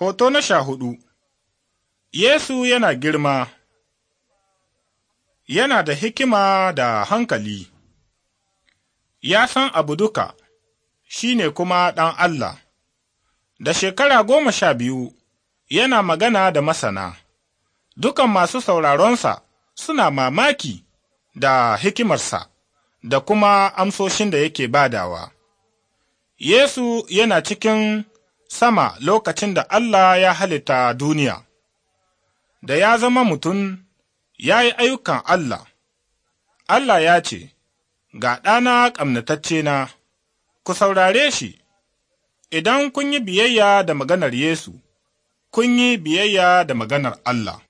Hoto na sha hudu Yesu yana girma, yana da hikima da hankali, ya san abu duka, shi ne kuma ɗan Allah, da shekara goma sha biyu yana magana da masana, dukan masu sauraronsa suna mamaki da hikimarsa da kuma amsoshin da yake badawa. Yesu yana cikin sama lokacin da Allah ya halitta duniya, da ya zama mutum ya yi ayyukan Allah, Allah ya ce, Ga ɗana ƙamnatacce na, ku saurare shi, idan kun yi biyayya da maganar Yesu, kun yi biyayya da maganar Allah.